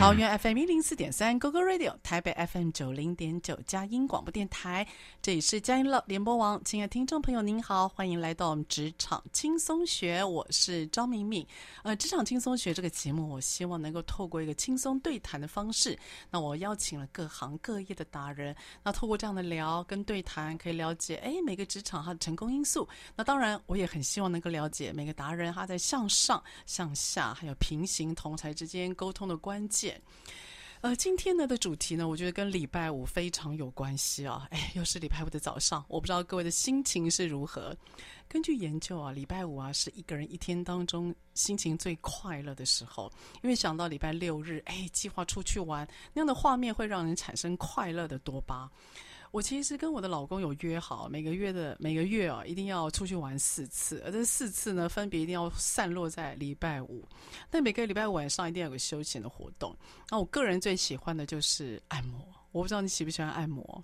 桃園 FM 一零四點三，Google Radio，台北 FM 九零點九，佳音廣播電台，這裡是佳音樂聯播網，親愛的聽眾朋友您好，歡迎來到我們職場輕鬆學，我是張敏敏。呃，職場輕鬆學這個節目，我希望能夠透過一個輕鬆對談的方式，那我邀請了各行各業的達人，那透過這樣的聊跟對談，可以了解哎每個職場它的成功因素。那當然，我也很希望能夠了解每個達人他在向上、向下，還有平行同儕之間溝通的關鍵。呃，今天呢的主題呢，我覺得跟禮拜五非常有關係啊！哎，又是禮拜五的早上，我不知道各位的心情是如何。根據研究啊，禮拜五啊是一個人一天當中心情最快樂的時候，因為想到禮拜六日，哎，計劃出去玩，那樣的畫面會讓人產生快樂的多巴。我其實跟我的老公有約好，每個月的每個月啊，一定要出去玩四次，而這四次呢，分別一定要散落在禮拜五。那每個禮拜五晚上一定要有個休閒的活動。那我個人最喜歡的就是按摩，我不知道你喜不喜歡按摩？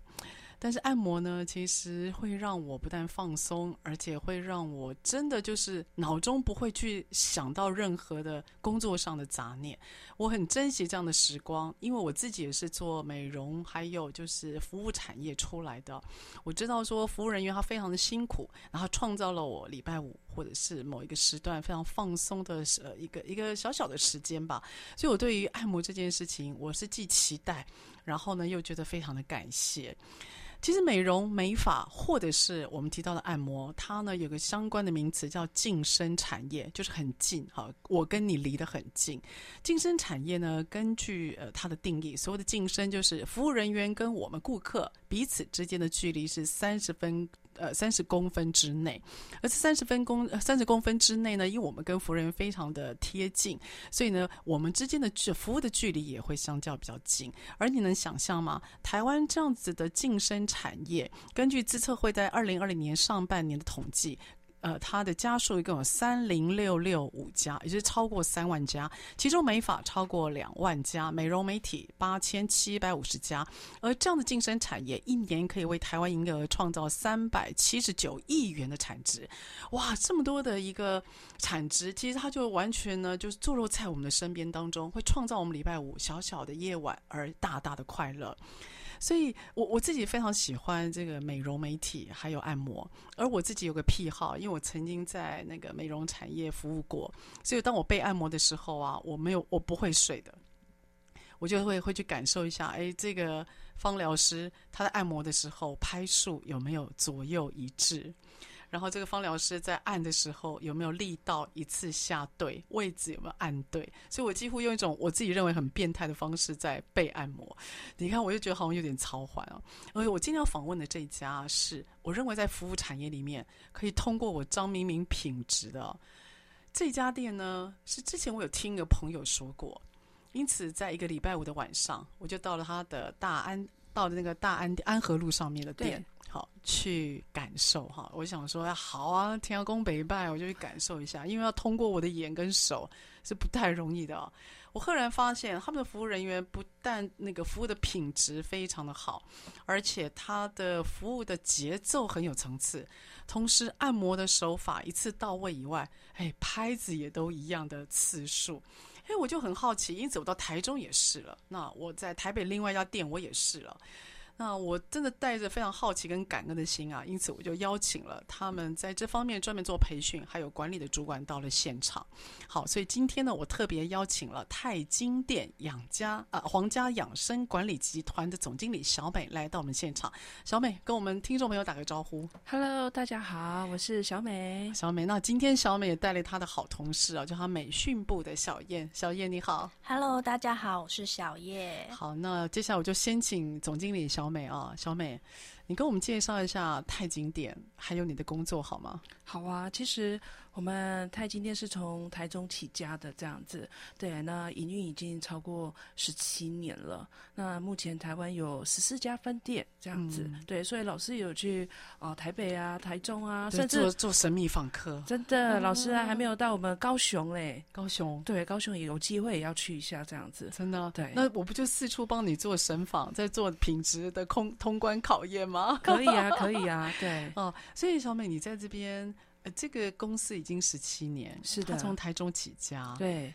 但是按摩呢，其實會讓我不但放鬆，而且會讓我真的就是腦中不會去想到任何的工作上的雜念。我很珍惜這樣的時光，因為我自己也是做美容，還有就是服務產業出來的，我知道說服務人員他非常的辛苦，然後創造了我禮拜五。或者是某一個時段非常放鬆的呃一個一個小小的時間吧，所以我對於按摩這件事情，我是既期待，然後呢又覺得非常的感謝。其實美容、美髮，或者是我們提到的按摩，它呢有個相關的名詞叫近身產業，就是很近哈、啊，我跟你離得很近。近身產業呢，根據呃它的定義，所謂的近身就是服務人員跟我們顧客彼此之間的距離是三十分。呃，三十公分之內，而這三十分公三十、呃、公分之內呢，因為我們跟服務人非常的貼近，所以呢，我們之間的距服務的距離也會相較比較近。而你能想象嗎？台灣這樣子的近身產業，根據資策會在二零二零年上半年的統計。呃，它的家數一共有三零六六五家，也就是超過三萬家。其中，美髮超過兩萬家，美容美體八千七百五十家。而這樣的健身產業，一年可以為台灣營業額創造三百七十九億元的產值。哇，這麼多的一個產值，其實它就完全呢，就是坐落在我們的身邊當中，會創造我們禮拜五小小的夜晚而大大的快樂。所以我，我我自己非常喜歡這個美容、美體，還有按摩。而我自己有個癖好，因為我曾經在那個美容產業服務過，所以當我被按摩的時候啊，我沒有，我不會睡的，我就會會去感受一下，哎，這個芳療師，他在按摩的時候拍數有沒有左右一致。然後這個芳療師在按的時候有沒有力道一次下對位置，有沒有按對？所以我幾乎用一種我自己認為很變態的方式在被按摩。你看，我就覺得好像有點超緩哦。而且我今天要訪問的這家是我認為在服務產業裡面可以通過我張明明品質的這家店呢，是之前我有聽一個朋友說過，因此在一個禮拜五的晚上，我就到了他的大安。到那個大安安和路上面的店，好去感受哈。我想說，好啊，天後、啊、宮北拜，我就去感受一下，因為要通過我的眼跟手是不太容易的。我赫然發現，他們的服務人員不但那個服務的品質非常的好，而且他的服務的節奏很有層次，同時按摩的手法一次到位以外，哎，拍子也都一樣的次數。所以我就很好奇，因為走到台中也試了，那我在台北另外一家店我也試了。那我真的帶着非常好奇跟感恩的心啊，因此我就邀請了他們在這方面專門做培訓還有管理的主管到了現場。好，所以今天呢，我特別邀請了泰晶殿養家啊皇家養生管理集團的總經理小美來到我們現場。小美，跟我們聽眾朋友打個招呼。Hello，大家好，我是小美。小美，那今天小美也帶了她的好同事啊，叫她美訓部的小燕。小燕，你好。Hello，大家好，我是小燕。好，那接下來我就先請總經理小。小美啊，小美，你跟我們介紹一下泰晶殿，還有你的工作好嗎？好啊，其實。我們泰晶殿是從台中起家的，這樣子，對。那營運已經超過十七年了。那目前台灣有十四家分店，這樣子、嗯，對。所以老師有去哦、呃，台北啊，台中啊，甚至做，做神秘訪客，真的、嗯，老師啊，還沒有到我們高雄嘞，高雄，對，高雄也有機會也要去一下，這樣子，真的、啊，對。那我不就四處幫你做神訪，在做品質的空通關考驗嗎？可以啊，可以啊， 對。哦，所以小美，你在這邊。這個公司已經十七年，是的，他從台中起家。對，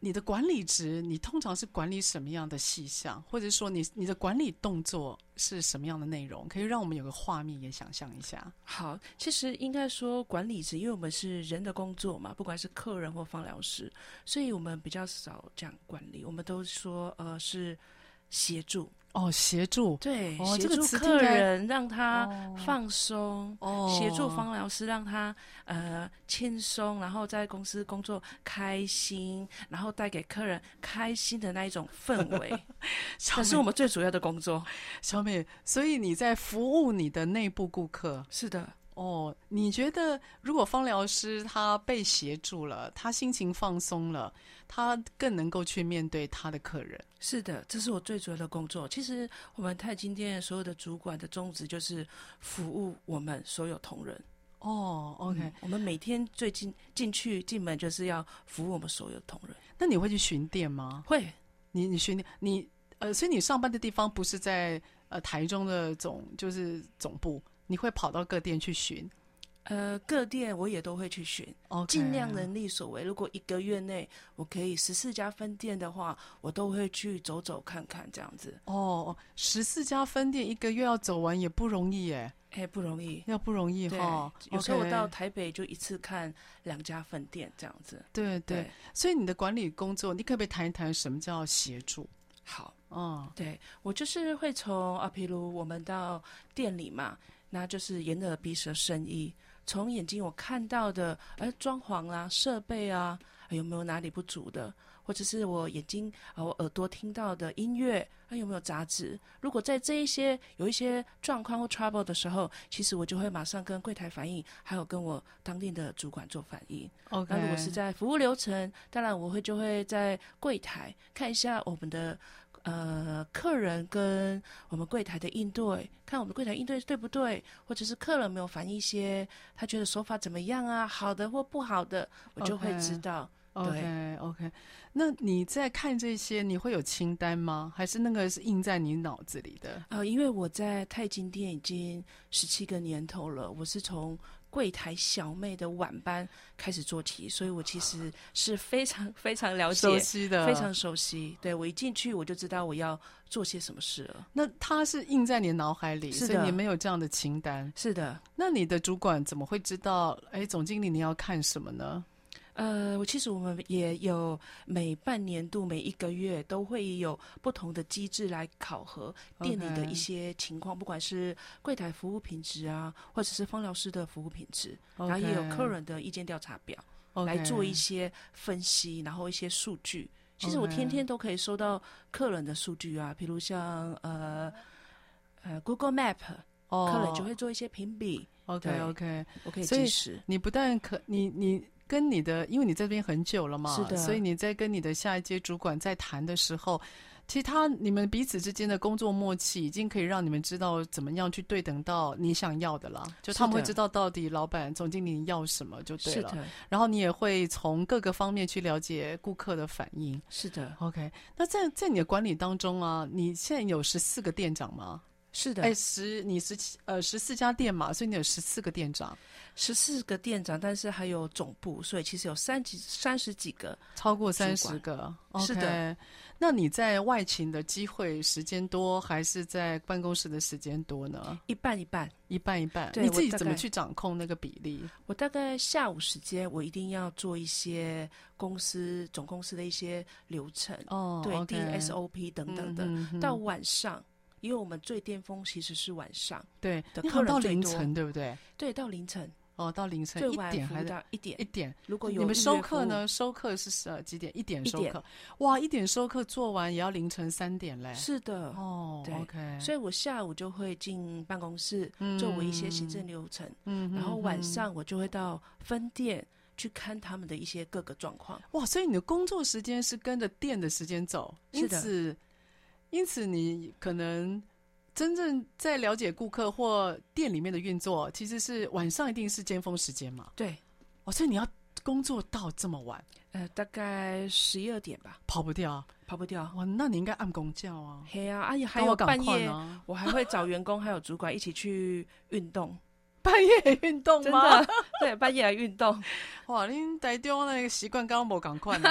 你的管理職，你通常是管理什麼樣的細項，或者說你你的管理動作是什麼樣的內容？可以讓我們有個畫面也想象一下。嗯、好，其實應該說管理職，因為我們是人的工作嘛，不管是客人或芳療師，所以我們比較少講管理，我們都說呃是協助。哦、oh,，協助對，協助客人讓他放鬆，oh, 協助芳療師讓他, oh. Oh. 師讓他呃輕鬆，然後在公司工作開心，然後帶給客人開心的那一種氛圍，才 是我們最主要的工作。小美，所以你在服務你的內部顧客，是的。哦，你覺得如果芳療師他被協助了，他心情放鬆了，他更能夠去面對他的客人。是的，這是我最主要的工作。其實我們泰晶殿所有的主管的宗旨就是服務我們所有同仁。哦，嗯，OK，我們每天最近進去進門就是要服務我們所有同仁。那你會去巡店嗎？會。你你巡店，你呃，所以你上班的地方不是在呃台中的總，就是總部。你會跑到各店去巡。呃，各店我也都會去巡，盡、okay. 量能力所為。如果一個月內我可以十四家分店的話，我都會去走走看看這樣子。哦，十四家分店一個月要走完也不容易誒，誒、欸，不容易，要不容易哈。所以，哦、有時候我到台北就一次看兩家分店、okay. 這樣子。對對，對，所以你的管理工作，你可不可以談一談什麼叫協助？好，嗯，對我就是會從啊，譬如我們到店裡嘛。那就是眼耳鼻舌身意，從眼睛我看到的，哎，裝潢啊、設備啊、哎，有沒有哪裡不足的？或者是我眼睛啊、我耳朵聽到的音樂，還、哎、有沒有雜質？如果在這一些有一些狀況或 trouble 的時候，其實我就會馬上跟櫃檯反映，還有跟我當店的主管做反映。Okay. 那如果是在服務流程，當然我會就會在櫃檯看一下我們的。呃，客人跟我們櫃檯的應對，看我們櫃檯應對對不對，或者是客人沒有反應一些，他覺得手法怎麼樣啊，好的或不好的，嗯、我就會知道。Okay, 對 okay，OK，那你在看這些，你會有清單嗎？還是那個是印在你腦子裡的？呃，因為我在泰晶殿已經十七個年頭了，我是從。櫃檯小妹的晚班開始做題，所以我其實是非常非常了解、熟悉的，非常熟悉。對我一進去，我就知道我要做些什麼事了。那它是印在你腦海裡，是的。所以你也沒有這樣的清單。是的。那你的主管怎麼會知道？哎，總經理你要看什麼呢？呃，我其實我們也有每半年度、每一個月都會有不同的機製來考核店裡的一些情況，okay. 不管是櫃台服務品質啊，或者是芳療師的服務品質，okay. 然後也有客人的意見調查表，okay. 來做一些分析，然後一些數據。其實我天天都可以收到客人的數據啊，okay. 比如像呃呃 Google Map，oh. 客人就會做一些評比。OK OK，我可以及時。你不但可你你。你跟你的，因為你在這邊很久了嘛是的，所以你在跟你的下一階主管在談的時候，其實他你們彼此之間的工作默契，已經可以讓你們知道怎麼樣去對等到你想要的了。就他們會知道到底老板總經理你要什麼就對了是的。然後你也會從各個方面去了解顧客的反應。是的，OK。那在在你的管理當中啊，你現在有十四個店長嗎？是的，哎，十，你十七，呃十四家店嘛，所以你有十四個店長，十四個店長，但是還有總部，所以其實有三幾三十幾個，超過三十個。Okay, 是的，那你在外勤的機會時間多，還是在辦公室的時間多呢？一半一半，一半一半。你自己怎麼去掌控那個比例？我大概,我大概下午時間，我一定要做一些公司總公司的一些流程哦，對、okay，定 SOP 等等的，嗯哼嗯哼到晚上。因為我們最巔峰其實是晚上的客人，對，到凌晨，對不對？對，到凌晨哦，到凌晨一點還一點一點。如果有你們收課呢？收課是十二幾點？一點收課？哇，一點收課做完也要凌晨三點嘞。是的，哦對，OK。所以我下午就會進辦公室，做我一些行政流程，嗯，然後晚上我就會到分店去看他們的一些各個狀況。哇，所以你的工作時間是跟着店的時間走，是的。因此因此，你可能真正在了解顧客或店裡面的運作，其實是晚上一定是尖峰時間嘛？對。哦，所以你要工作到這麼晚？呃，大概十一二點吧。跑不掉，跑不掉。哇，那你應該按工叫啊。嘿呀、啊，阿姨還有半夜呢、啊。我還會找員工還有主管一起去運動。 半夜運動嗎？對，半夜來運動。 哇，恁帶丟那個習慣剛剛沒趕快呢。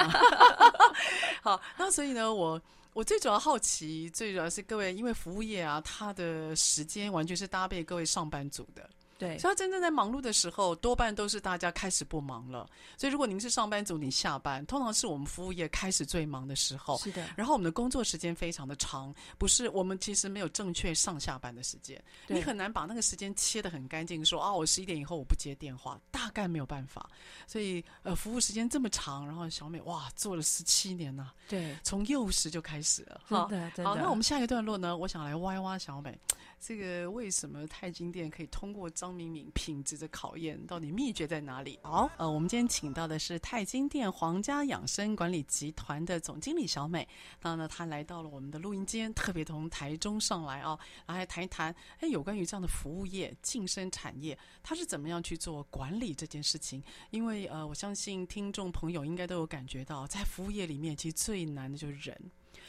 好，那所以呢，我。我最主要好奇，最主要是各位，因為服務業啊，他的時間完全是搭配各位上班族的。對，所以真正在忙碌的時候，多半都是大家開始不忙了。所以如果您是上班族，你下班通常是我們服務業開始最忙的時候。是的。然後我們的工作時間非常的長，不是我們其實沒有正確上下班的時間。對。你很難把那個時間切得很乾淨，說啊，我十一點以後我不接電話，大概沒有辦法。所以呃，服務時間這麼長，然後小美哇，做了十七年吶、啊。對。從幼時就開始了。哈。對，對。真的，真的。好，那我們下一段落呢？我想來挖一挖小美。這個為什麼泰晶殿可以通過張敏敏品質的考驗？到底秘訣在哪裡？好，呃，我們今天請到的是泰晶殿皇家養生管理集團的總經理小美。當然呢，她來到了我們的錄音間，特別從台中上來啊，然後還談一談哎，有關於這樣的服務業、近身產業，他是怎麼樣去做管理這件事情？因為呃，我相信聽眾朋友應該都有感覺到，在服務業裡面，其實最難的就是人。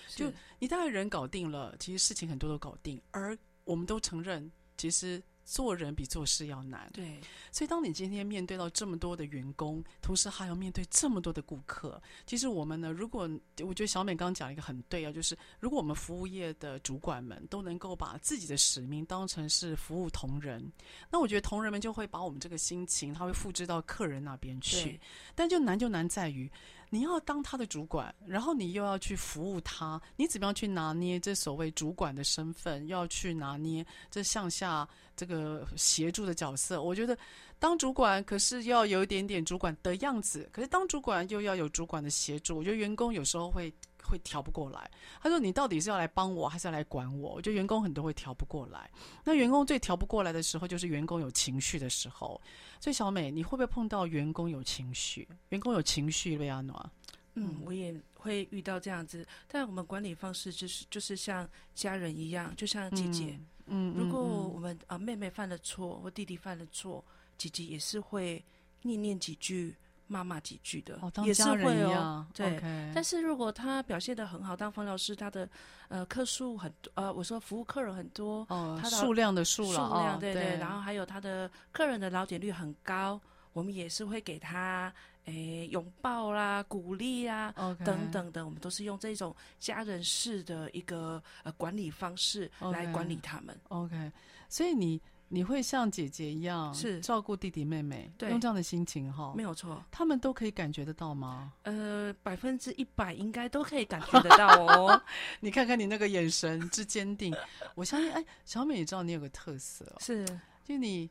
是，就你當然人搞定了，其實事情很多都搞定，而我們都承認，其實做人比做事要難。對，所以當你今天面對到這麼多的員工，同時還要面對這麼多的顧客，其實我們呢，如果我覺得小美剛剛講了一個很對啊，就是如果我們服務業的主管們都能夠把自己的使命當成是服務同仁，那我覺得同仁們就會把我們這個心情，他會複制到客人那邊去。但就難就難在於。你要當他的主管，然後你又要去服務他，你怎麼樣去拿捏這所謂主管的身份？又要去拿捏這向下這個協助的角色。我覺得當主管可是要有一點點主管的樣子，可是當主管又要有主管的協助。我覺得員工有時候會，會調不過來。他說：“你到底是要來幫我，還是要來管我？”我覺得員工很多會調不過來。那員工最調不過來的時候，就是員工有情緒的時候。所以小美，你會不會碰到員工有情緒？員工有情緒了啊？嗯，我也會遇到這樣子。但我們管理方式就是就是像家人一樣，就像姐姐。嗯，如果我們、嗯、啊妹妹犯了錯或弟弟犯了錯，姐姐也是會念念幾句。罵罵幾句的，哦、也是會哦。對，okay. 但是如果他表現得很好，當馮老師，他的呃客數很多，呃，我說服務客人很多，呃、他的的對對哦，數量的數量，對對。然後還有他的客人的老點率很高，我們也是會給他誒擁、欸、抱啦、鼓勵啊、okay. 等等的，我們都是用這種家人式的一個呃管理方式來管理他們。OK，, okay. 所以你。你會像姐姐一樣是照顧弟弟妹妹，對，用這樣的心情哈？沒有錯，他們都可以感覺得到嗎？呃，百分之一百應該都可以感覺得到哦。 你看看你那個眼神之堅定， 我相信哎，小美也知道你有個特色哦，是，就你，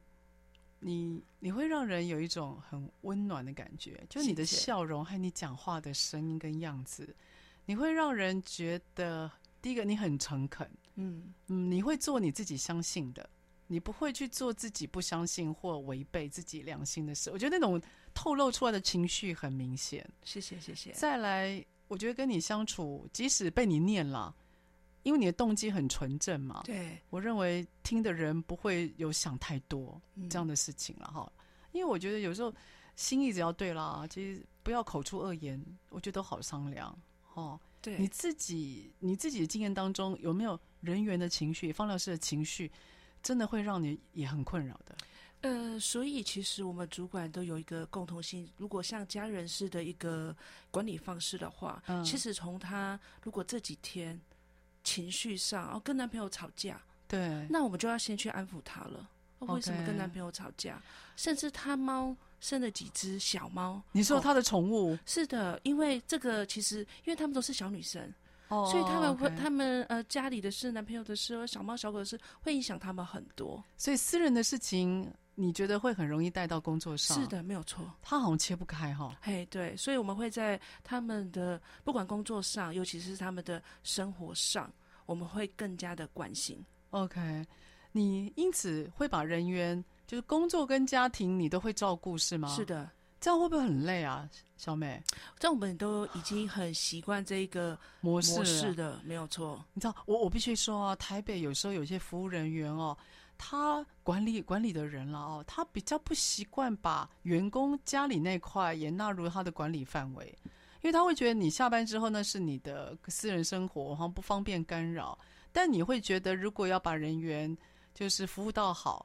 你你會讓人有一種很溫暖的感覺，就你的笑容和你講話的聲音跟樣子，謝謝，你會讓人覺得第一個你很誠懇，嗯嗯，你會做你自己相信的。你不會去做自己不相信或違背自己良心的事。我覺得那種透露出來的情緒很明顯。謝謝謝謝。再來，我覺得跟你相處，即使被你念了，因為你的動機很純正嘛。對。我認為聽的人不會有想太多這樣的事情了哈、嗯。因為我覺得有時候心意只要對啦，其實不要口出惡言，我覺得都好商量。哦，對你自己，你自己的經驗當中有沒有人員的情緒、芳療師的情緒？真的會讓你也很困擾的，呃，所以其實我們主管都有一個共同性，如果像家人式的一個管理方式的話，嗯，其實從他如果這幾天情緒上，哦，跟男朋友吵架，對，那我們就要先去安撫他了、okay 哦。為什麼跟男朋友吵架？甚至他貓生了幾隻小貓，你說他的寵物、哦？是的，因為這個其實，因為他們都是小女生。哦、oh, okay.，所以他們會，他們呃，家裡的事、男朋友的事、小貓小狗的事，會影響他們很多。所以私人的事情，你覺得會很容易帶到工作上？是的，沒有錯。他好像切不開哈、哦。嘿、hey,，對，所以我們會在他們的不管工作上，尤其是他們的生活上，我們會更加的關心。OK，你因此會把人員，就是工作跟家庭，你都會照顧是嗎？是的。這樣會不會很累啊，小美？這樣我們都已經很習慣這個模式的，是的，沒有錯。你知道，我我必須說啊，台北有時候有些服務人員哦，他管理管理的人了哦，他比較不習慣把員工家裡那塊也納入他的管理範圍，因為他會覺得你下班之後那是你的私人生活，哈，不方便干擾。但你會覺得，如果要把人員就是服務到好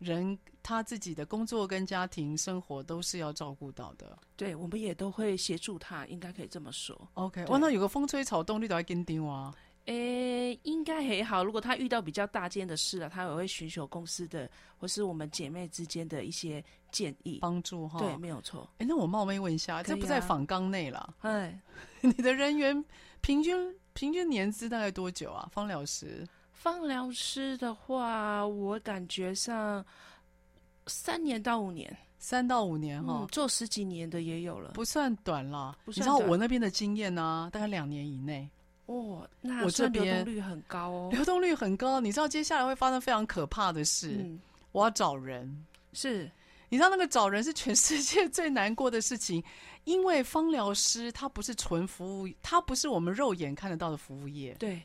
人。他自己的工作跟家庭生活都是要照顧到的。對，我們也都會協助他，應該可以這麼說。OK，完了有個風吹草動，你都要緊盯啊。誒、欸，應該還好。如果他遇到比較大件的事了、啊，他也會尋求公司的或是我們姐妹之間的一些建議幫助哈。對，沒有錯。誒、欸，那我冒昧問一下，啊、這不在訪綱內了。哎， 你的人員平均平均年資大概多久啊？芳療師？芳療師的話，我感覺上。三年到五年，三到五年哈、嗯，做十幾年的也有了，不算短了。你知道我那邊的經驗呢、啊，大概兩年以內。哦，那我這邊流動率很高哦，流動率很高。你知道接下來會發生非常可怕的事，嗯、我要找人。是，你知道那個找人是全世界最難過的事情，因為芳療師他不是純服務，他不是我們肉眼看得到的服務業。對，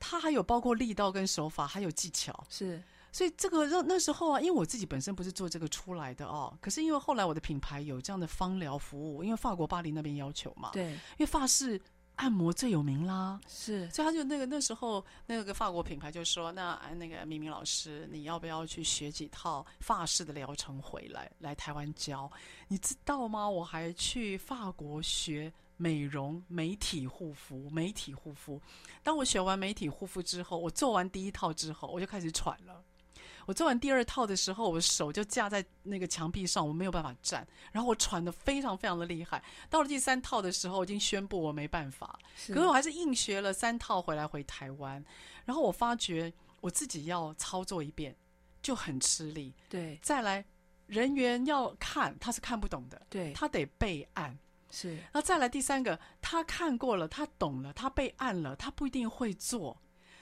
他還有包括力道跟手法，還有技巧。是。所以這個那那時候啊，因為我自己本身不是做這個出來的哦。可是因為後來我的品牌有這樣的芳療服務，因為法國巴黎那邊要求嘛。對。因為法式按摩最有名啦。是。所以他就那個那時候那個法國品牌就說：“那那個明明老師，你要不要去學幾套法式的療程回來，來台灣教？你知道嗎？我還去法國學美容、美體護膚、美體護膚。當我學完美體護膚之後，我做完第一套之後，我就開始喘了。”我做完第二套的時候，我的手就架在那個牆壁上，我沒有辦法站，然後我喘得非常非常的厲害。到了第三套的時候，我已經宣布我沒辦法，可是我還是硬學了三套回來回台灣。然後我發覺我自己要操作一遍就很吃力。對，再來，人員要看，他是看不懂的，對他得備案。是，那再來第三個，他看過了，他懂了，他備案了，他不一定會做。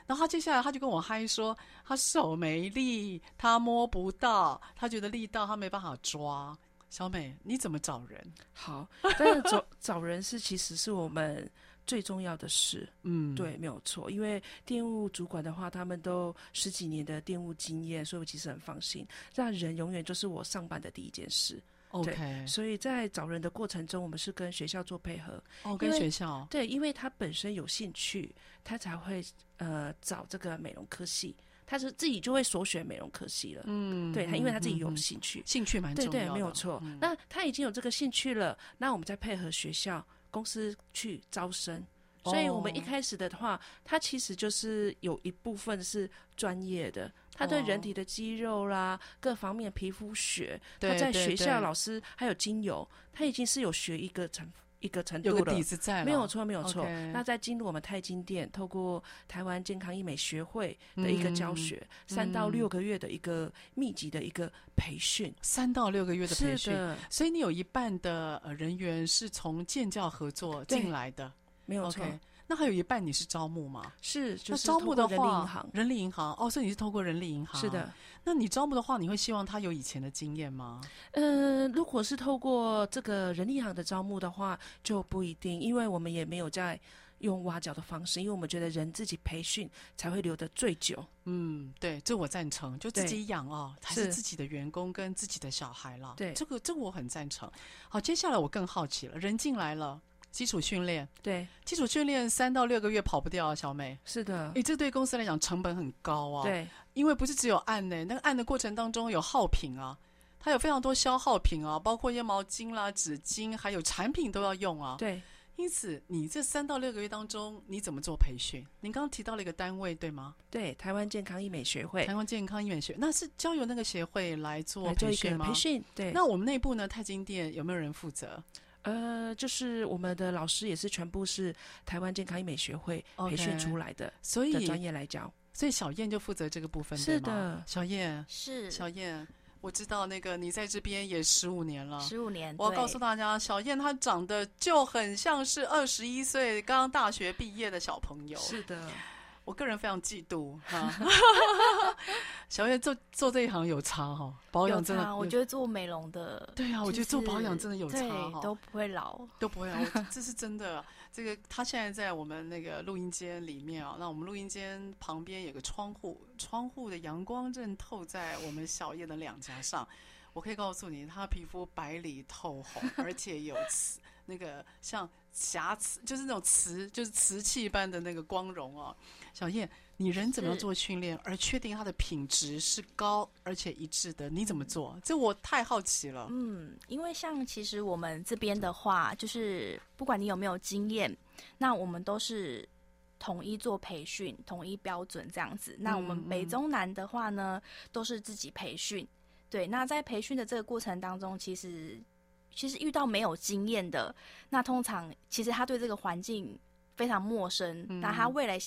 然後他接下來他就跟我嗨說，他手沒力，他摸不到，他覺得力道他沒辦法抓。小美，你怎麼找人？好， 但是找找人是其實是我們最重要的事。嗯，對，沒有錯，因為店務主管的話，他們都十幾年的店務經驗，所以我其實很放心。讓人永遠就是我上班的第一件事。OK，所以在找人的過程中，我們是跟學校做配合。哦、okay，跟學校。對，因為他本身有興趣，他才會呃找這個美容科系，他是自己就會首選美容科系了。嗯，對，他因為他自己有興趣，嗯、興趣蠻重要的，對對對，沒有錯、嗯。那他已經有這個興趣了，那我們再配合學校公司去招生。所以我們一開始的話，他其實就是有一部分是專業的，他對人體的肌肉啦，哦、各方面皮膚學，他在學校老師還有精油，他已經是有學一個程一個程度的，有個底子在，沒有錯，沒有錯。Okay. 那在進入我們泰晶殿，透過台灣健康醫美學會的一個教學，三、嗯、到六個月的一個密集的一個培訓，三到六個月的培訓。所以你有一半的呃人員是從建教合作進來的。沒有錯，Okay, 那還有一半你是招募嗎？是，就是招募的話，人力銀行，哦，所以你是透過人力銀行。是的，那你招募的話，你會希望他有以前的經驗嗎？嗯、呃，如果是透過這個人力銀行的招募的話，就不一定，因為我們也沒有在用挖角的方式，因為我們覺得人自己培訓才會留得最久。嗯，對，這我贊成，就自己養哦、啊，還是自己的員工跟自己的小孩了。對，這個這個我很贊成。好，接下來我更好奇了，人進來了。基礎訓練，對基礎訓練三到六個月跑不掉啊，小美是的，你這對公司來講成本很高啊，對，因為不是只有按呢、欸，那個按的過程當中有耗品啊，它有非常多消耗品啊，包括一些毛巾啦、紙巾，還有產品都要用啊，對，因此你這三到六個月當中，你怎麼做培訓？您剛剛提到了一個單位，對嗎？對，台灣健康醫美學會，台灣健康醫美學會，那是交由那個協會來做培訓嗎？培訓，對，那我們內部呢，泰晶殿有沒有人負責？呃，就是我們的老師也是全部是台灣健康醫美學會培訓出來的，所、okay. 以專業來講，所以小燕就負責這個部分。對嗎？是的，小燕，是。小燕，我知道那個你在這邊也十五年了，十五年。我告訴大家，小燕她長得就很像是二十一歲剛剛大學畢業的小朋友。是的。我個人非常嫉妒哈， 小美做做這一行有差哈，保養真的，我覺得做美容的，對啊，就是、我覺得做保養真的有差，都不會老，都不會老，這是真的。 這個她現在在我們那個錄音間裡面啊，那我們錄音間旁邊有個窗戶，窗戶的陽光正透在我們小美的兩頰上，我可以告訴你，她皮膚白裡透紅，而且有刺， 那個像。瑕疵，就是那種瓷，就是瓷器般的那個光榮哦、啊。小燕，你人怎麼做訓練，而確定它的品質是高而且一致的？你怎麼做？這我太好奇了。嗯，因為像其實我們這邊的話，就是不管你有沒有經驗，那我們都是統一做培訓，統一標準這樣子。那我們北中南的話呢，嗯嗯都是自己培訓。對，那在培訓的這個過程當中，其實。其實遇到沒有經驗的，那通常其實他對這個環境非常陌生。嗯、那他未來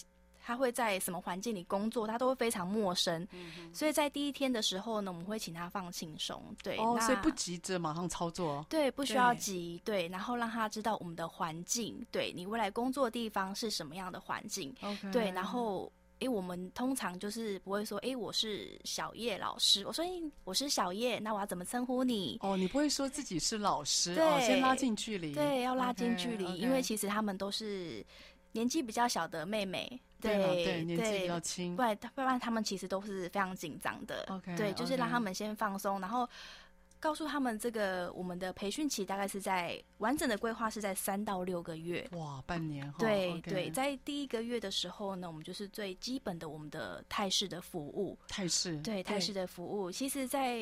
他會在什麼環境裡工作，他都會非常陌生，嗯。所以在第一天的時候呢，我們會請他放輕鬆，對。哦，所以不急着馬上操作。對，不需要急，對，然後讓他知道我們的環境，對你未來工作的地方是什麼樣的環境，嗯，對，然後。欸、我們通常就是不會說，哎、欸，我是小葉老師。我說，我是小葉，那我要怎麼稱呼你？哦，你不會說自己是老師，對，哦、先拉近距離。對，要拉近距離，okay, okay. 因為其實他們都是年紀比較小的妹妹，對對，對，對年紀比較輕。對，不然他們其實都是非常緊張的。Okay, 對，就是讓他們先放鬆，然後。告訴他們，這個我們的培訓期大概是在完整的規劃是在三到六個月。哇，半年！對、哦 okay. 對，在第一個月的時候呢，我們就是最基本的我們的泰式的服務。泰式，對泰式的服務，其實，在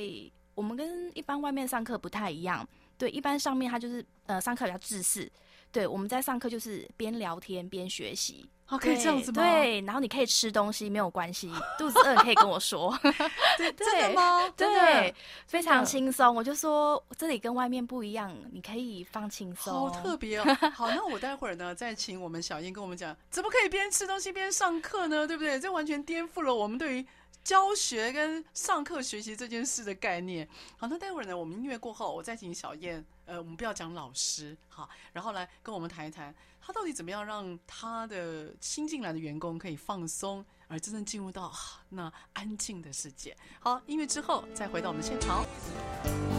我們跟一般外面上課不太一樣。對，一般上面他就是呃，上課比較制式，對，我們在上課就是邊聊天邊學習。哦，可以這樣子嗎？對，對，然後你可以吃東西，沒有關係，肚子餓你可以跟我說。 對，對，真的嗎？真的，對，非常輕鬆。我就說這裡跟外面不一樣，你可以放輕鬆。好特別哦！好，那我待會兒呢， 再請我們小燕跟我們講，怎麼可以邊吃東西邊上課呢？對不對？這完全顛覆了我們對於教學跟上課學習這件事的概念。好，那待會兒呢，我們音樂過後，我再請小燕。呃，我們不要講老師，好，然後來跟我們談一談，他到底怎麼樣讓他的新進來的員工可以放鬆，而真正進入到、啊、那安靜的世界？好，音樂之後再回到我們的現場。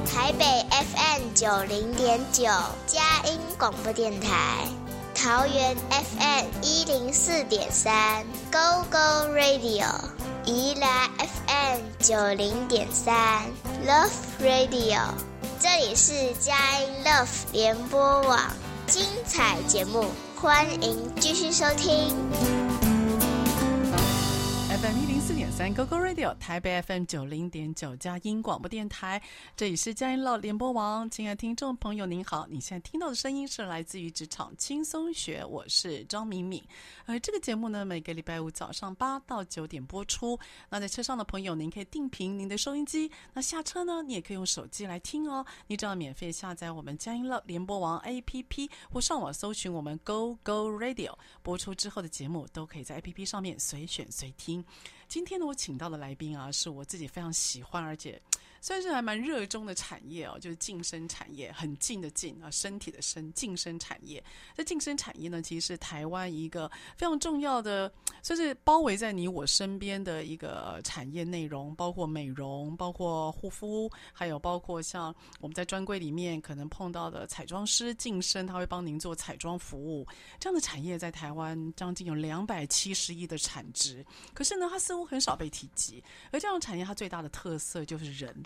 台北 FM 九零點九，佳音廣播電台；桃園 FM 一零四點三，Go Go Radio；宜蘭 FM 九零點三，Love Radio。這裡是佳音 Love 聯播網精彩節目，歡迎繼續收聽。Oh, Go Go Radio 台北 FM 九零點九佳音廣播電臺，這裡是佳音樂聯播網。親愛的聽眾朋友，您好，你現在聽到的聲音是來自於職場輕鬆學，我是張敏敏。而、呃、這個節目呢，每個禮拜五早上八到九點播出。那在車上的朋友，您可以定頻您的收音機；那下車呢，你也可以用手機來聽哦。你只要免費下載我們佳音樂聯播網 APP，或上網搜尋我們 Go Go Radio，播出之後的節目都可以在 APP 上面隨選隨聽。今天呢，我請到的來賓啊，是我自己非常喜歡，而且。算是還蠻熱衷的產業哦,就是近身產業，很近的近啊，身體的身，近身產業。這近身產業呢，其實是台灣一個非常重要的，算是包圍在你我身邊的一個產業內容，包括美容，包括護膚，還有包括像我們在專櫃裡面可能碰到的彩妝師近身，他會幫您做彩妝服務。這樣的產業在台灣將近有兩百七十億的產值，可是呢，它似乎很少被提及。而這種產業它最大的特色就是人。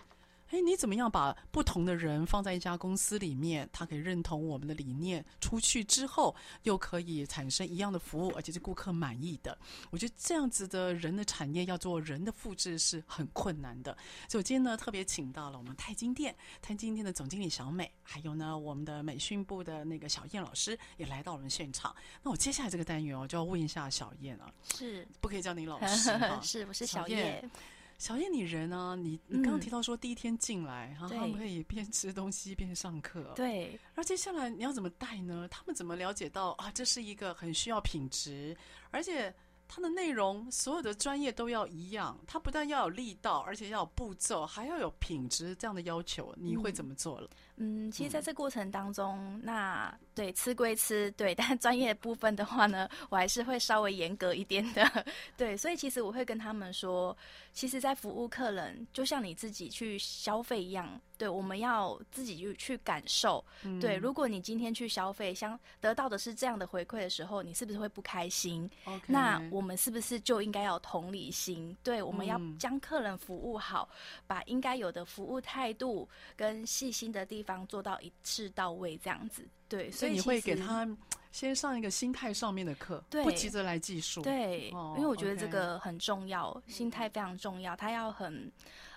哎，你怎麼樣把不同的人放在一家公司裡面，他可以認同我們的理念，出去之後又可以產生一樣的服務，而且是顧客滿意的。我覺得這樣子的人的產業要做人的複製是很困難的。所以我今天呢，特別請到了我們泰晶殿泰晶殿的總經理小美，還有呢，我們的美訓部的那個小燕老師也來到了我們現場。那我接下來這個單元、哦，我就要問一下小燕了、啊，是不可以叫你老師？ 是，我是小燕。小燕小燕，你人啊，你你剛剛提到說第一天進來，然後，嗯，可以邊吃東西邊上課。對。而接下來你要怎麼帶呢？他們怎麼了解到啊？這是一個很需要品質，而且它的內容所有的專業都要一樣，它不但要有力道，而且要有步驟，還要有品質這樣的要求，你會怎麼做了？嗯嗯，其實在這過程當中，嗯、那對吃歸吃，對，但專業部分的話呢，我還是會稍微嚴格一點的，對。所以其實我會跟他們說，其實，在服務客人就像你自己去消費一樣，對，我們要自己去感受，嗯、對。如果你今天去消費，想得到的是這樣的回饋的時候，你是不是會不開心？Okay、那我們是不是就應該有同理心？對，我們要將客人服務好，嗯、把應該有的服務態度跟細心的地方。方做到一次到位，這樣子對所，所以你會給他先上一個心態上面的課，對，不急着來技術，對，oh, okay. 因為我覺得這個很重要，心態非常重要，他要很。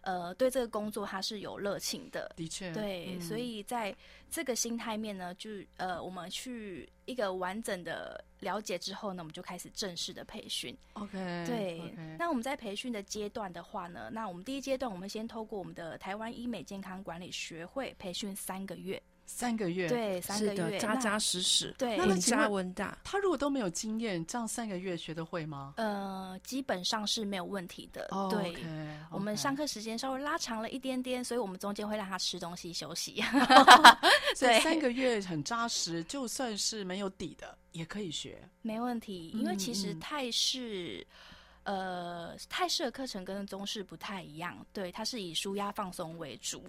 呃，對這個工作他是有熱情的，的確，對，嗯，所以在這個心態面呢，就呃，我們去一個完整的了解之後呢，我們就開始正式的培訓。OK，對，okay. 那我們在培訓的階段的話呢，那我們第一階段我們先透過我們的台灣醫美健康管理學會培訓三個月。三個月，對，是的，三個月，扎扎實實，穩扎那那穩打。他如果都沒有經驗，這樣三個月學得會嗎？呃，基本上是沒有問題的。Oh, 對，okay, okay. 我們上課時間稍微拉長了一點點，所以我們中間會讓他吃東西休息。 所以三個月很扎實，就算是沒有底的也可以學，沒問題。因為其實泰式。嗯嗯呃，泰式的課程跟中式不太一樣，對，它是以舒壓放鬆為主，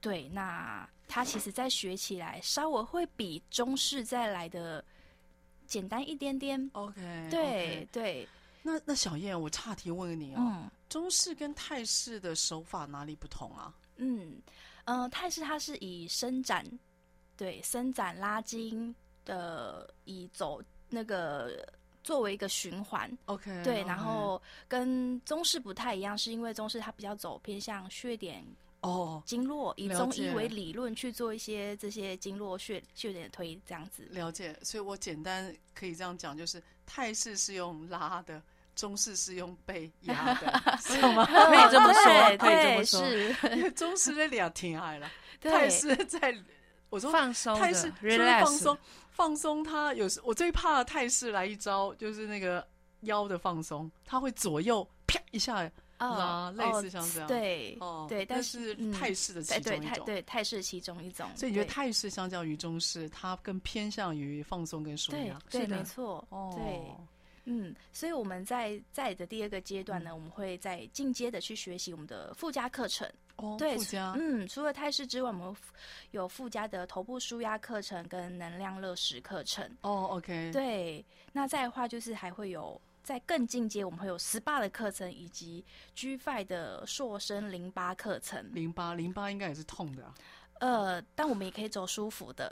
對，那它其實在學起來，稍微會比中式再來的簡單一點點。OK，對 okay. 對。那那小燕，我岔題問，問你啊、喔嗯，中式跟泰式的手法哪裡不同啊？嗯嗯、呃，泰式它是以伸展，對，伸展拉筋的，以走那個。作為一個循環，OK，對，然後跟中式不太一樣，okay. 是因為中式它比較走偏向穴點哦，經絡以、oh, 中醫為理論去做一些這些經絡穴穴點推這樣子。了解，所以我簡單可以這樣講，就是泰式是用拉的，中式是用被壓的，懂 嗎 什麼、 哎？可以這麼說，可以這麼說， 因為中式、啊、的力啊挺矮了，泰式在我說放鬆泰式就是放鬆。Really like 放鬆，他有時我最怕的泰式來一招，就是那個腰的放鬆，他會左右啪一下啊，oh, oh, 類似像這樣對，oh, oh, 對，但是泰式、嗯、的其中一種，對泰對泰式其中一種，所以你覺得泰式相較於中式，它更偏向於放鬆跟舒壓？對，沒錯，oh. 對。嗯，所以我們在在的第二個階段呢，嗯，我們會在進階的去學習我們的附加課程。哦，對，附加，嗯，除了泰式之外，我們有附加的頭部舒壓課程跟能量熱石課程。哦，OK，對。那再的話就是還會有在更進階，我們會有 SPA 的課程以及 G5 的碩深淋巴課程。淋巴，淋巴應該也是痛的啊。呃，但我們也可以走舒服的，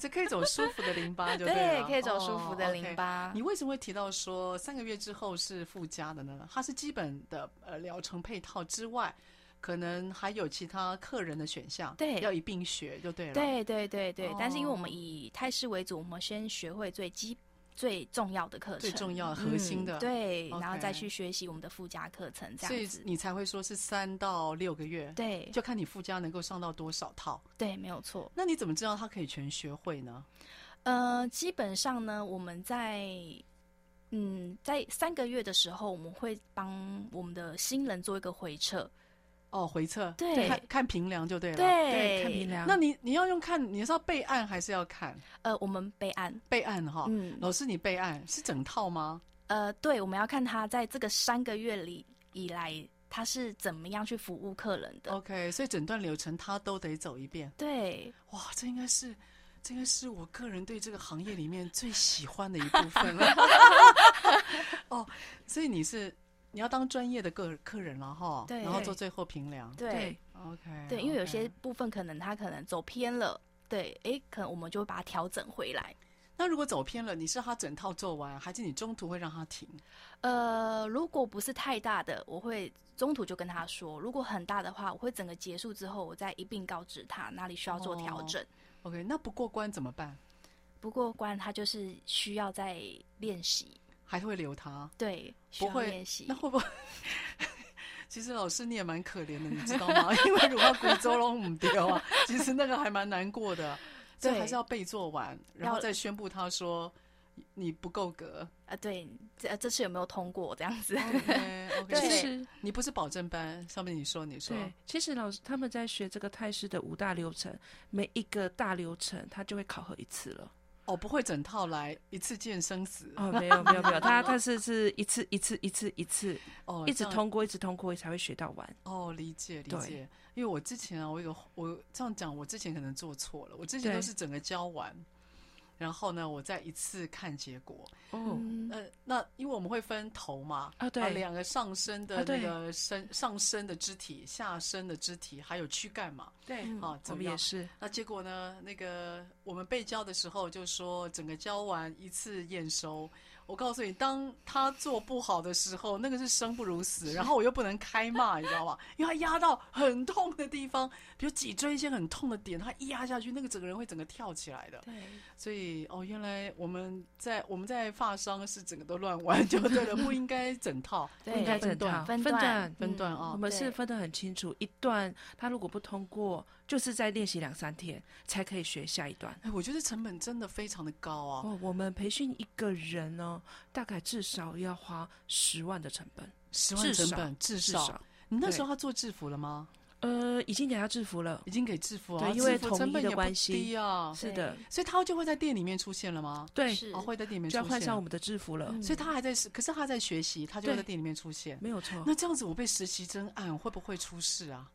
這 可以走舒服的淋巴就對了。對，可以走舒服的淋巴。Oh, okay. 你為什麼會提到說三個月之後是附加的呢？它是基本的呃療程配套之外，可能還有其他客人的選項。對，要一並學就對了。對對對對，oh. 但是因為我們以泰式為主，我們先學會最基本的。最重要的課程，最重要的核心的，嗯、對，okay. 然後再去學習我們的附加課程，這樣子，所以你才會說是三到六個月，對，就看你附加能夠上到多少套，對，沒有錯。那你怎麼知道他可以全學會呢？呃，基本上呢，我們在嗯，在三個月的時候，我們會幫我們的新人做一個回測。哦，回測，對，看評量就對了。對，對，看評量。那你你要用看，你是要備案還是要看？呃，我們備案，備案哈。嗯，老師，你備案是整套嗎？呃，對，我們要看他在這個三個月裡以來他是怎麼樣去服務客人的。OK，所以整段流程他都得走一遍。對，哇，這應該是，這應該是我個人對這個行業裡面最喜歡的一部分了。 哦，所以你是。你要當專業的客客人了哈，然後做最後評量。對，對，對，OK，對，因為有些部分可能他可能走偏了，okay, 對，哎、欸，可能我們就會把它調整回來。那如果走偏了，你是他整套做完，還是你中途會讓他停？呃，如果不是太大的，我會中途就跟他說；如果很大的話，我會整個結束之後，我再一併告知他哪裡需要做調整。哦，OK，那不過關怎麼辦？不過關，他就是需要再練習。還是會留他，對，學會練習。那會不會？其實老師你也蠻可憐的，你知道嗎？ 因為如果骨走了，我們丟啊， 其實那個還蠻難過的，對。所以還是要背做完，然後再宣布他說你不夠格啊。對，這、啊、這次有沒有通過？這樣子。其 實、okay, okay, 你不是保證班，上面你說你說。對，其實老師他們在學這個泰式的五大流程，每一個大流程他就會考核一次了。哦，不會整套來一次見生死哦，沒有沒有沒有， 他他是是一次一次一次一次哦，一直通過一直通過才會學到完哦，理解理解。因為我之前啊，我有我這樣講，我之前可能做錯了，我之前都是整個教完。然後呢，我再一次看結果。哦、嗯，呃，那因為我們會分頭嘛，啊，對，兩、啊、個上身的那個身、啊，上身的肢體，下身的肢體，還有軀幹嘛？對，啊，怎麼也是樣。那結果呢？那個我們被教的時候，就說整個教完一次驗收。我告訴你，當他做不好的時候，那個是生不如死。然後我又不能開罵， 你知道嗎？因為他壓到很痛的地方，比如脊椎一些很痛的點，他一壓下去，那個整個人會整個跳起來的。所以哦，原來我們在我們在發商是整個都亂玩就對了，不應該整套，不應該整套分段分段，哦、嗯，我們是分得很清楚，一段他如果不通過就是在練習兩三天，才可以學下一段。哎，我覺得成本真的非常的高啊！哦，我們培訓一個人呢，哦，大概至少要花十萬的成本，十萬的成本至少，至少，至少。你那時候他做制服了嗎？呃，已經給他制服了，已經給制服了。對，因為統一的關係，成本也不低啊，是的。所以他就會在店裡面出現了嗎？對，哦，會在店裡面出現。就要換上我們的制服了，嗯，所以他還在，可是他在學習，他就會在店裡面出現，沒有錯。那這樣子，我被實習真案會不會出事啊？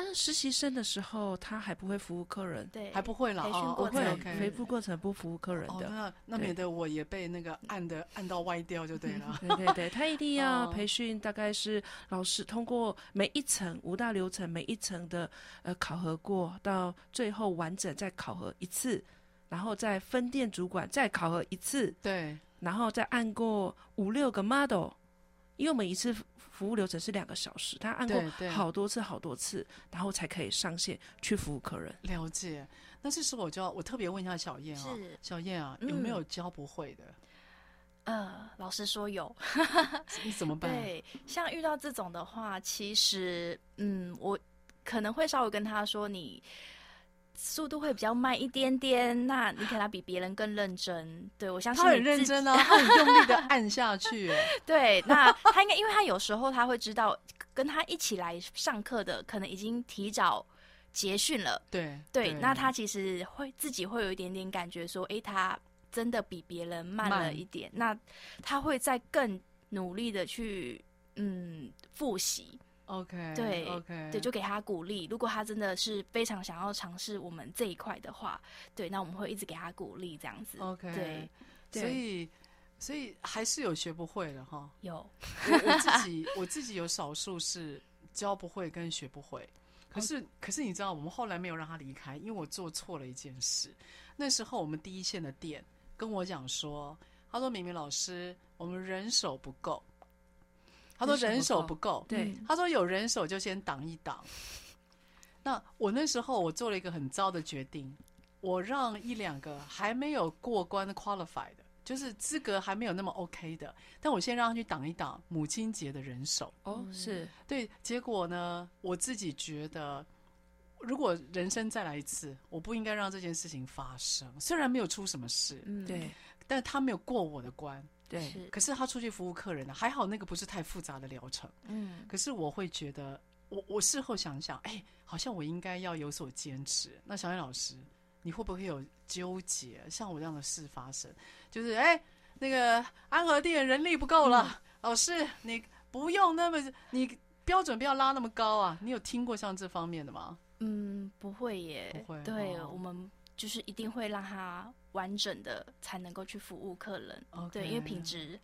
嗯，實習生的時候他還不會服務客人，對，還不會了啊，不、哦哦 OK, 會 OK 培訓過程不服務客人的。哦、那那免得我也被那個按的 按到歪掉就對了。對對對，他一定要培訓，大概是老師通過每一層、哦、五大流程每一層的呃考核過，到最後完整再考核一次，然後再分店主管再考核一次，對，然後再按過五六個 model，因為我們一次。服務流程是兩個小時，他按過好多次、好多次對對，然後才可以上線去服務客人。了解，那這時候我就要我特別問一下小燕啊，是小燕啊、嗯，有沒有教不會的？呃，老實說有， 你怎麼辦？啊？對，像遇到這種的話，其實嗯，我可能會稍微跟他說你，速度會比較慢一點點，那你可能他比別人更認真。對我相信他很認真啊、哦， 他很用力的按下去。對，那他應該，因為他有時候他會知道，跟他一起來上課的可能已經提早結訓了。對對，對，那他其實會自己會有一點點感覺，說，哎，他真的比別人慢了一點。那他會再更努力的去嗯復習。OK，對，OK，對，就給他鼓勵。如果他真的是非常想要嘗試我們這一塊的話，對，那我們會一直給他鼓勵，這樣子。OK，對，對，所以，所以還是有學不會的哈。有。我，我自己， 我自己有少數是教不會跟學不會。 可是，可是你知道，我們後來沒有讓他離開，因為我做錯了一件事。那時候，我們第一線的店跟我講說：“他說，明明老師，我們人手不夠。”他說人手不夠、嗯，對，他說有人手就先擋一擋。那我那時候我做了一個很糟的決定，我讓一兩個還沒有過關 qualified 的 qualified，就是資格還沒有那麼 OK 的，但我先讓他去擋一擋母親節的人手。哦、嗯，是對。結果呢，我自己覺得，如果人生再來一次，我不應該讓這件事情發生。雖然沒有出什麼事，嗯、對，但他沒有過我的關。對，可是他出去服務客人的、啊、還好那個不是太複雜的療程。嗯，可是我會覺得，我我事後想想，哎、欸，好像我應該要有所堅持。那小雨老師，你會不會有糾結？像我這樣的事發生，就是哎、欸，那個安和店人力不夠了。嗯，老師你不用那麼你，你標準不要拉那麼高啊。你有聽過像這方面的嗎？嗯，不會耶，不會。對、啊哦、我們就是一定會讓他完整的才能夠去服務客人，Okay. 對，因為品質。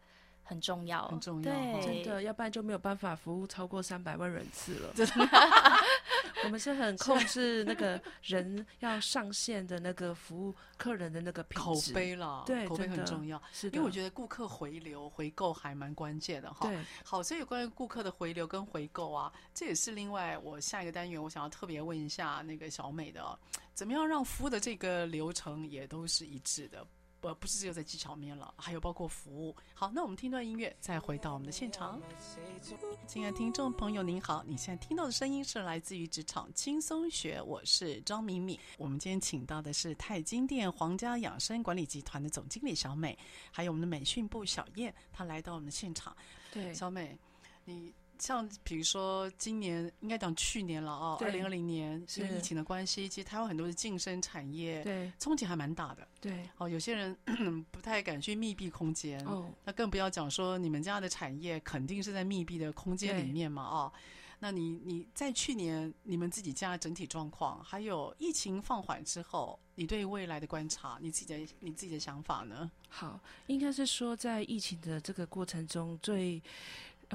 很重要，很重要，真的，要不然就沒有辦法服務超過三百萬人次了。 我們是很控制那個人要上線的那個服務客人的那個品質、口碑啦，對，口碑很重要，是。因為我覺得顧客回流、回購還蠻關鍵的哈。對，好，所以關於顧客的回流跟回購啊，這也是另外我下一個單元我想要特別問一下那個小美的，怎麼樣讓服務的這個流程也都是一致的。不，不是只有在技巧面了，還有包括服務。好，那我們聽段音樂，再回到我們的現場。親愛的聽眾朋友，您好，你現在聽到的聲音是來自於職場輕鬆學，我是張敏敏。我們今天請到的是泰晶殿皇家養生管理集團的總經理小美，還有我們的美訓部小燕，她來到我們的現場。對，小美，你。像比如說，今年應該講去年了啊、哦，二零二零年是疫情的關係，其實它有很多的近身產業，對，衝擊還蠻大的。對，哦，有些人咳咳不太敢去密閉空間，哦，那更不要講說你們家的產業肯定是在密閉的空間裡面嘛，啊、哦，那你你在去年你們自己家的整體狀況，還有疫情放緩之後，你對未來的觀察，你自己的你自己的想法呢？好，應該是說在疫情的這個過程中最。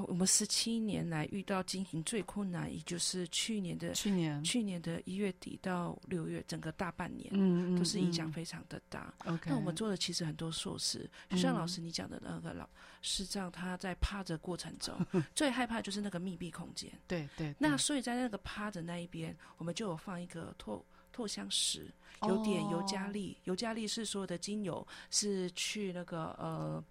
我們十七年來遇到經營最困難，也就是去年的去年，去年的一月底到六月，整個大半年，嗯，都是影響非常的大。OK，、嗯、那我們做的其實很多措施，okay. 就像老師你講的那個老師，是這樣、嗯，他在趴的過程中 最害怕的就是那個密閉空間。對對，對，那所以在那個趴的那一邊，我們就有放一個透透香石，有點尤加利，尤、哦、加利，是所有的精油是去那個呃。嗯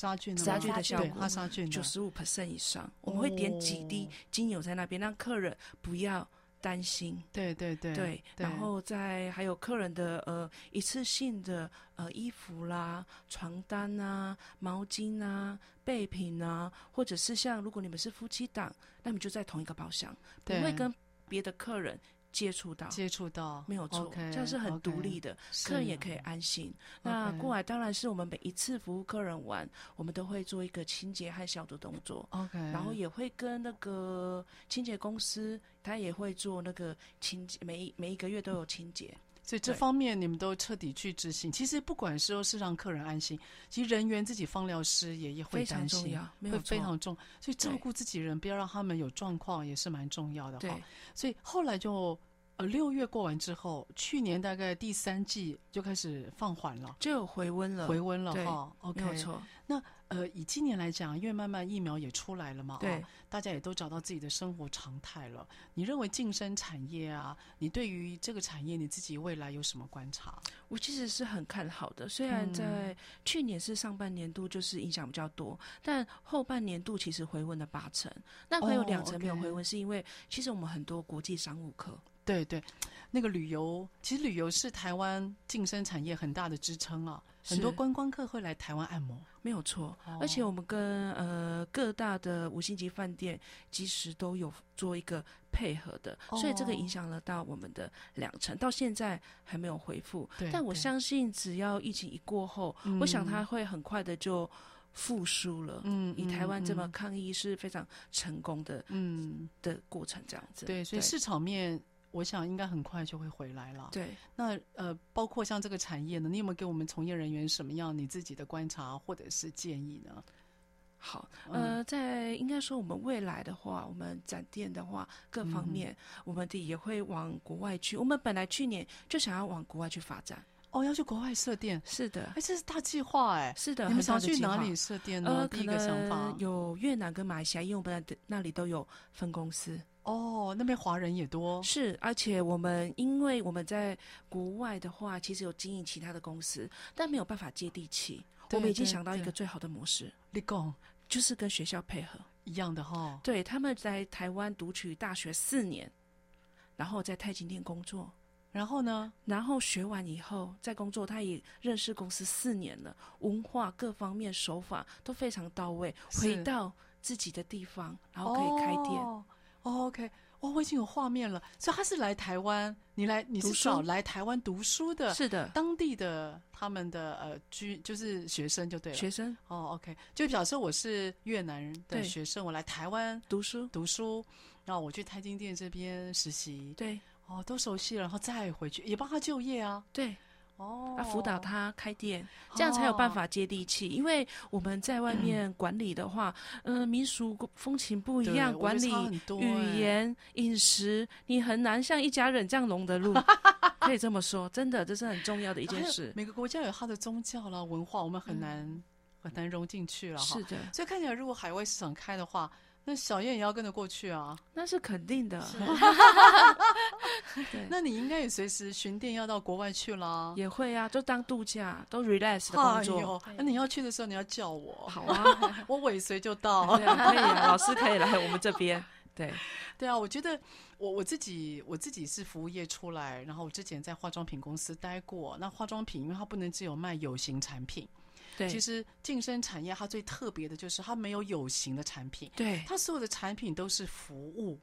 殺菌的殺菌的效果，殺菌的九十五%以上，我們會點幾滴精油在那邊，讓客人不要擔心。對對對對。然後再還有客人的呃一次性的呃衣服啦、床單吶、啊、毛巾吶、啊、備品吶、啊，或者是像如果你們是夫妻檔，那麼就在同一個包廂，不會跟別的客人接觸到，接觸到，沒有錯，這、okay，樣是很獨立的，okay，客人也可以安心。Okay，那過來當然是我們每一次服務客人完，okay，我們都會做一個清潔和消毒動作。Okay，然後也會跟那個清潔公司，他也會做那個清潔，每每一個月都有清潔。嗯所以這方面你們都徹底去執行。其實不管是說是讓客人安心，其實人員自己芳療師也也會擔心，非會非常重要。所以照顧自己人，不要讓他們有狀況，也是蠻重要的。哈，所以後來就。呃，六月過完之後，去年大概第三季就開始放緩了，就有回溫了，回溫了哈。OK，沒有錯。那呃，以今年來講，因為慢慢疫苗也出來了嘛，對、哦，大家也都找到自己的生活常態了。你認為近身產業啊，你對於這個產業你自己未來有什麼觀察？我其實是很看好的，雖然在去年是上半年度就是影響比較多，但後半年度其實回溫了八成。那還有兩成沒有回溫，是因為其實我們很多國際商務客。對對，那個旅遊其實旅遊是台灣健身產業很大的支撐啊，很多觀光客會來台灣按摩，沒有錯。哦、而且我們跟呃各大的五星級飯店其實都有做一個配合的、哦，所以這個影響了到我們的兩成，到現在還沒有恢復對對。但我相信只要疫情一過後，對對我想他會很快的就復甦了。嗯，以台灣這麼抗疫是非常成功的，嗯的過程這樣子。對，所以市場面。我想應該很快就會回來了。對，那呃，包括像這個產業呢，你有沒有給我們從業人員什麼樣你自己的觀察或者是建議呢？好，嗯、呃，在應該說我們未來的話，我們展店的話，各方面、嗯，我們的也會往國外去。我們本來去年就想要往國外去發展。哦，要去國外設店？是的，哎，這是大計劃哎、欸。是的，你、哎、們想去哪裡設店呢？第一個想法有越南跟馬來西亞，嗯、因為我們本來的那裡都有分公司。哦、oh，那邊華人也多，是，而且我們因為我們在國外的話，其實有經營其他的公司，但沒有辦法接地氣。對對對，我們已經想到一個最好的模式，立功就是跟學校配合一樣的哈。對，他們在台灣讀取大學四年，然後在泰晶殿工作，然後呢，然後學完以後在工作，他也認識公司四年了，文化各方面手法都非常到位，回到自己的地方，然後可以開店。Oh OK，哇，我已經有畫面了。所以他是來台灣，你來，你是找來台灣讀書的，是的，當地的他們的呃居就是學生就對了。學生哦，OK，就假設我是越南人的學生，我來台灣讀書，讀書，然後我去泰晶殿這邊實習，對，哦，都熟悉，然後再回去也幫他就業啊，對。Oh, 哦，要輔導他開店，哦，這樣才有辦法接地氣，哦。因為我們在外面管理的話，嗯，呃、民俗風情不一樣，管理，欸、語言、飲食，你很難像一家人這樣融得入。 可以這麼說，真的，這是很重要的一件事。每個國家有它的宗教啦，文化，我們很難、嗯、很難融進去了。是的，所以看起來，如果海外市場開的話。那小燕也要跟着過去啊？那是肯定的。 那你應該也隨時巡店，要到國外去啦？也會啊，就當度假，都 relax 的工作。那、oh，啊、你要去的時候，你要叫我。好啊， 我尾隨就到 對、啊。可以啊， 老師可以來 我們這邊。對對啊，我覺得我我自己我自己是服務業出來，然後我之前在化妝品公司待過。那化妝品，因為它不能只有賣有形產品。其實，健身產業它最特別的就是它沒有有形的產品，對它所有的產品都是服務，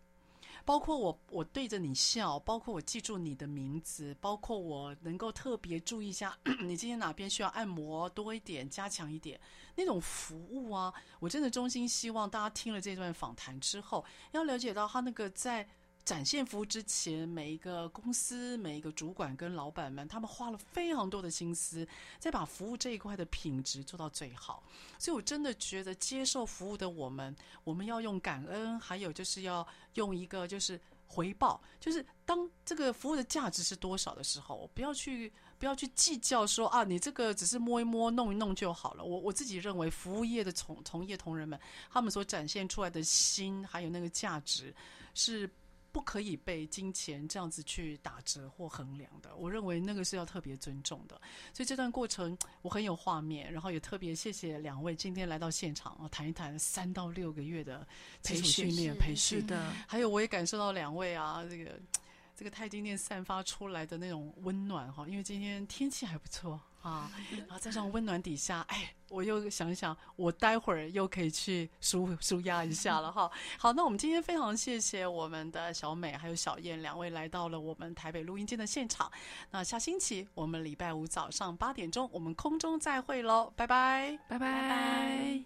包括我我對着你笑，包括我記住你的名字，包括我能夠特別注意一下 你今天哪邊需要按摩多一點，加強一點那種服務啊！我真的衷心希望大家聽了這段訪談之後，要了解到它那個在。展現服務之前，每一個公司、每一個主管跟老闆們，他們花了非常多的心思，在把服務這一塊的品質做到最好。所以，我真的覺得接受服務的我們，我們要用感恩，還有就是要用一個就是回報，就是當這個服務的價值是多少的時候，不要去不要去計較說啊，你這個只是摸一摸、弄一弄就好了。我我自己認為，服務業的從從業同仁們，他們所展現出來的心，還有那個價值，是。不可以被金錢這樣子去打折或衡量的，我認為那個是要特別尊重的。所以這段過程我很有畫面，然後也特別謝謝兩位今天來到現場啊，談一談三到六個月的培訓練，培訓，是的，還有我也感受到兩位啊這個。這個泰晶殿散發出來的那種溫暖哈，因為今天天氣還不錯啊， 然後在這種溫暖底下，哎，我又想一想，我待會兒又可以去舒舒壓一下了哈。好，那我們今天非常謝謝我們的小美還有小燕兩位來到了我們台北錄音間的現場。那下星期我們禮拜五早上八點鐘，我們空中再會嘍，拜拜，拜拜。Bye bye